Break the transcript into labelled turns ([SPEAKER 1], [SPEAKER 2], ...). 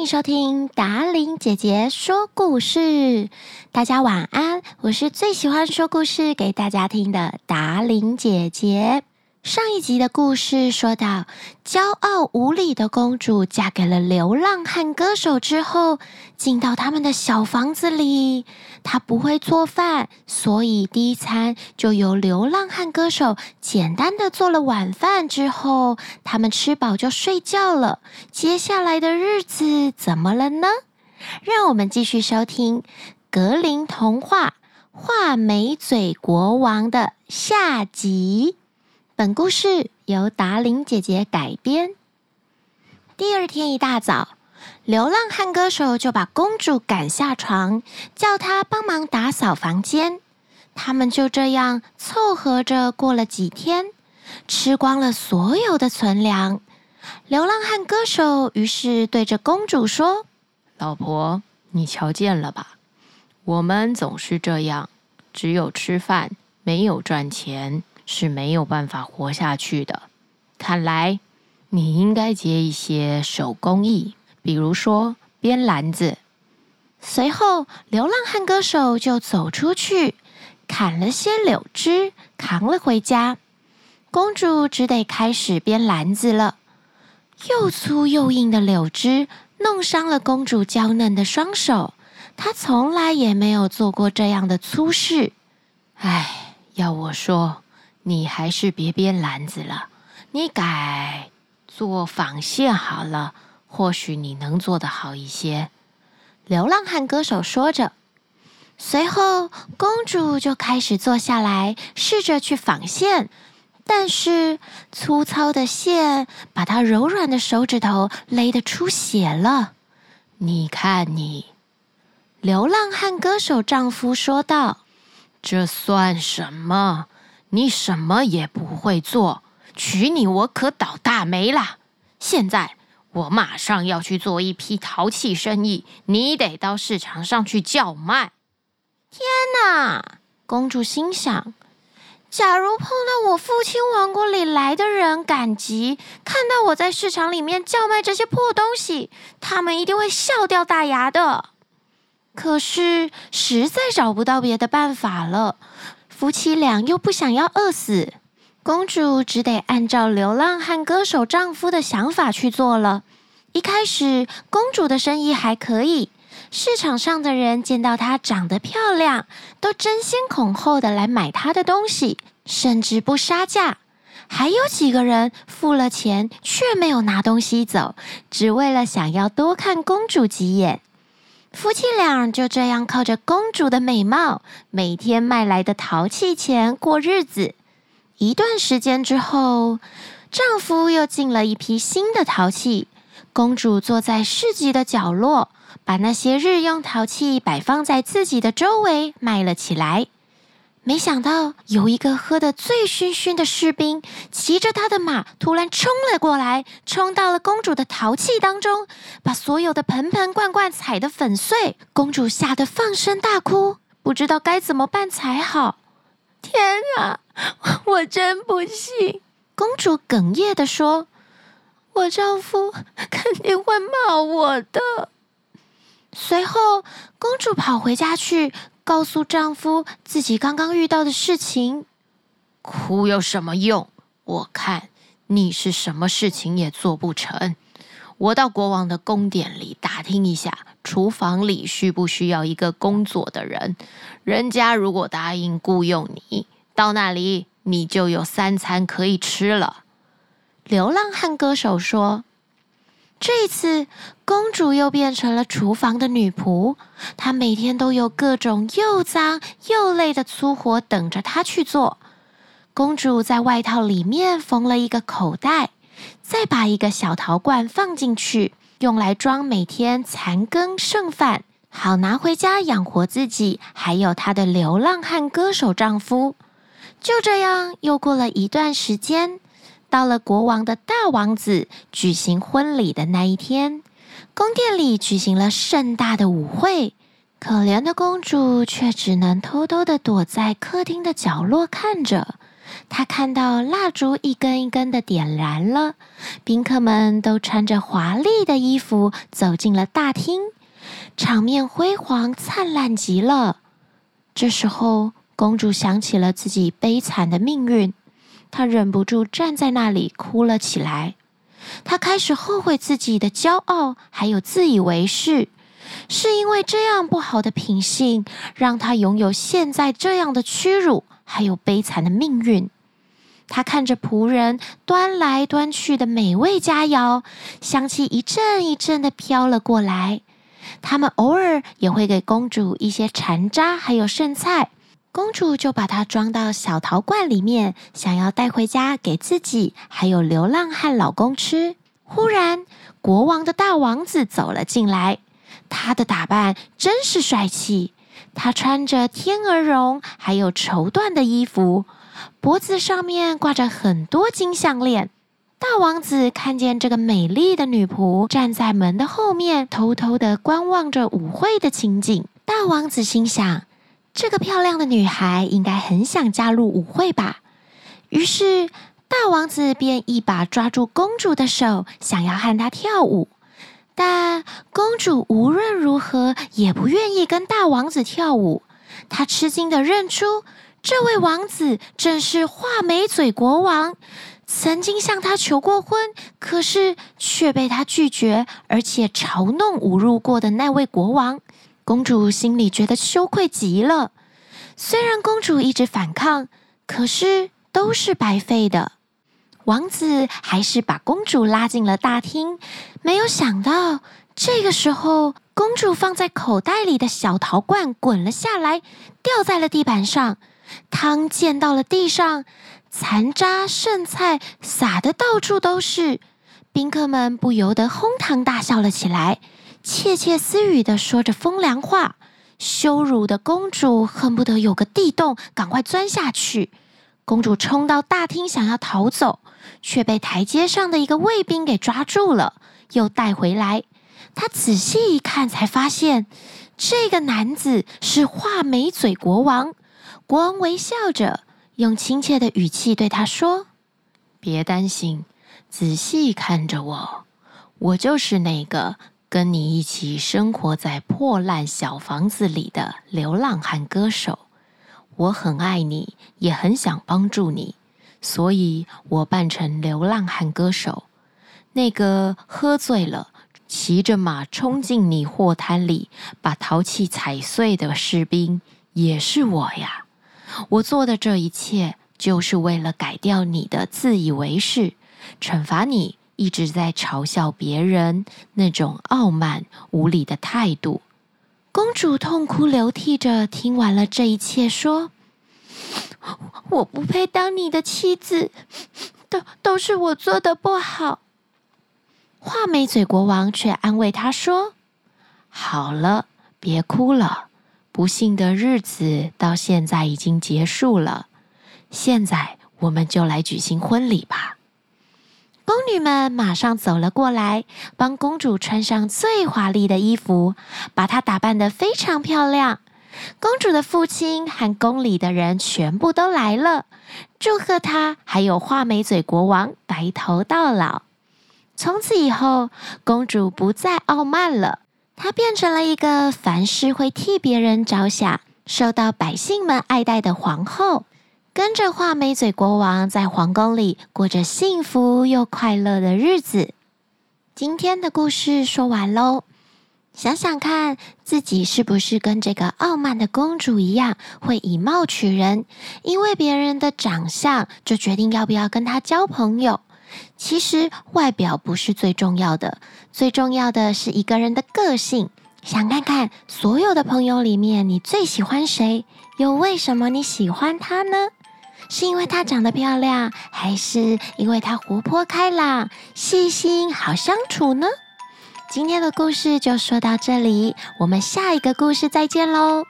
[SPEAKER 1] 歡迎收聽達伶姐姐說故事，大家晚安！我是最喜歡說故事給大家聽的達伶姐姐。上一集的故事說到，驕傲無禮的公主嫁給了流浪漢歌手之後，進到他們的小房子裡。她不會做飯，所以第一餐就由流浪漢歌手簡單地做了晚飯。之後，他們吃飽就睡覺了。接下來的日子怎麼了呢？讓我們繼續收聽《格林童話》畫眉嘴國王的下集。本故事由達伶姐姐改編。第二天一大早，流浪漢歌手就把公主趕下床，叫她幫忙打掃房間。他們就這樣湊合着過了幾天，吃光了所有的存糧。流浪漢歌手於是對着公主說：“老婆，你瞧見了吧？我們總是這樣，只有吃飯，沒有賺錢。”是沒有辦法活下去的。看來你應該接一些手工藝，比如說編籃子。隨後，流浪漢歌手就走出去，砍了些柳枝，扛了回家。公主只得開始編籃子了。又粗又硬的柳枝弄傷了公主嬌嫩的雙手。她從來也沒有做過這樣的粗事。唉，要我說。你還是別編籃子了，你改做紡線好了，或許你能做得好一些。流浪漢歌手說着，隨後公主就開始坐下來試着去紡線，但是粗糙的線把她柔軟的手指頭勒得出血了。你看你，流浪漢歌手丈夫說道：“這算什麼？”你什麼也不會做，娶你我可倒大霉啦。現在我馬上要去做一批陶器生意，你得到市場上去叫賣。天哪！公主心想，假如碰到我父親王國裡來的人趕集，看到我在市場裡面叫賣這些破東西，他們一定會笑掉大牙的。可是實在找不到別的辦法了。夫妻倆又不想要餓死，公主只得按照流浪漢歌手丈夫的想法去做了。一開始，公主的生意還可以，市場上的人見到她長得漂亮，都爭先恐後的來買她的東西，甚至不殺價。還有幾個人付了錢卻沒有拿東西走，只為了想要多看公主幾眼。夫妻倆就這樣靠着公主的美貌，每天賣來的陶器錢過日子。一段時間之後，丈夫又進了一批新的陶器，公主坐在市集的角落，把那些日用陶器擺放在自己的周圍，賣了起來。沒想到有一個喝得醉醺醺的士兵騎着他的馬突然衝了過來，衝到了公主的陶器當中，把所有的盆盆罐罐踩得粉碎。公主嚇得放聲大哭，不知道該怎麼辦才好。天啊，我真不幸！公主哽咽地說：“我丈夫肯定會罵我的。”隨後，公主跑回家去。告訴丈夫自己剛剛遇到的事情。哭有什麼用？我看你是什麼事情也做不成。我到國王的宮殿裡打聽一下，廚房裡需不需要一個工作的人。人家如果答應雇傭你，到那裡你就有三餐可以吃了。流浪漢歌手說。這一次，公主又變成了廚房的女僕。她每天都有各種又髒又累的粗活等着她去做。公主在外套裡面縫了一個口袋，再把一個小陶罐放進去，用來裝每天殘羹剩飯，好拿回家養活自己，還有她的流浪漢歌手丈夫。就這樣，又過了一段時間。到了國王的大王子舉行婚禮的那一天，宮殿裡舉行了盛大的舞會。可憐的公主卻只能偷偷的躲在客廳的角落看着。她看到蠟燭一根一根的點燃了，賓客們都穿着華麗的衣服走進了大廳，場面輝煌燦爛極了。這時候，公主想起了自己悲慘的命運。他忍不住站在那裡哭了起來。他開始後悔自己的驕傲，還有自以為是。是因為這樣不好的品性，讓他擁有現在這樣的屈辱，還有悲慘的命運。他看着僕人端來端去的美味佳肴，香氣一陣一陣的飄了過來。他們偶爾也會給公主一些殘渣，還有剩菜。公主就把它裝到小陶罐裡面，想要帶回家給自己，還有流浪漢老公吃。忽然，國王的大王子走了進來，他的打扮真是帥氣，他穿着天鵝絨還有綢緞的衣服，脖子上面掛着很多金項鏈。大王子看見這個美麗的女僕站在門的後面，偷偷地觀望着舞會的情景。大王子心想。這個漂亮的女孩應該很想加入舞會吧？於是，大王子便一把抓住公主的手，想要和她跳舞。但公主無論如何也不願意跟大王子跳舞。她吃驚的認出，這位王子正是畫眉嘴國王，曾經向她求過婚，可是卻被她拒絕，而且嘲弄侮辱過的那位國王。公主心裡覺得羞愧極了，雖然公主一直反抗，可是都是白費的。王子還是把公主拉進了大廳，沒有想到這個時候，公主放在口袋裡的小陶罐滾了下來，掉在了地板上，湯濺到了地上，殘渣剩菜撒得到處都是，賓客們不由得哄堂大笑了起來。竊竊私語的說着風涼話，羞辱的公主恨不得有個地洞趕快鑽下去。公主衝到大廳想要逃走，卻被台階上的一個衛兵給抓住了，又帶回來。她仔細一看，才發現這個男子是畫眉嘴國王。國王微笑着，用親切的語氣對她說：“別擔心，仔細看着我，我就是那個。”跟你一起生活在破爛小房子裡的流浪漢歌手，我很愛你，也很想幫助你，所以我扮成流浪漢歌手。那個喝醉了，騎着馬衝進你貨攤裡，把陶器踩碎的士兵也是我呀。我做的這一切，就是為了改掉你的自以為是，懲罰你，一直在嘲笑別人那種傲慢無禮的態度。公主痛哭流涕着聽完了這一切說：“我不配當你的妻子，都都是我做的不好。”畫眉嘴國王卻安慰她說：“好了，別哭了，不幸的日子到現在已經結束了，現在我們就來舉行婚禮吧。”宮女們馬上走了過來，幫公主穿上最華麗的衣服，把她打扮得非常漂亮。公主的父親和宮裡的人全部都來了，祝賀她，還有畫眉嘴國王白頭到老。從此以後，公主不再傲慢了，她變成了一個凡事會替別人着想、受到百姓們愛戴的皇後。跟着畫眉嘴國王在皇宮裡過着幸福又快樂的日子。今天的故事說完嘍，想想看自己是不是跟這個傲慢的公主一樣，會以貌取人，因為別人的長相就決定要不要跟他交朋友。其實外表不是最重要的，最重要的是一個人的個性。想看看所有的朋友裡面，你最喜歡誰？又為什麼你喜歡他呢？是因為她長得漂亮，還是因為她活潑開朗、細心、好相處呢？今天的故事就說到這裡，我們下一個故事再見嘍。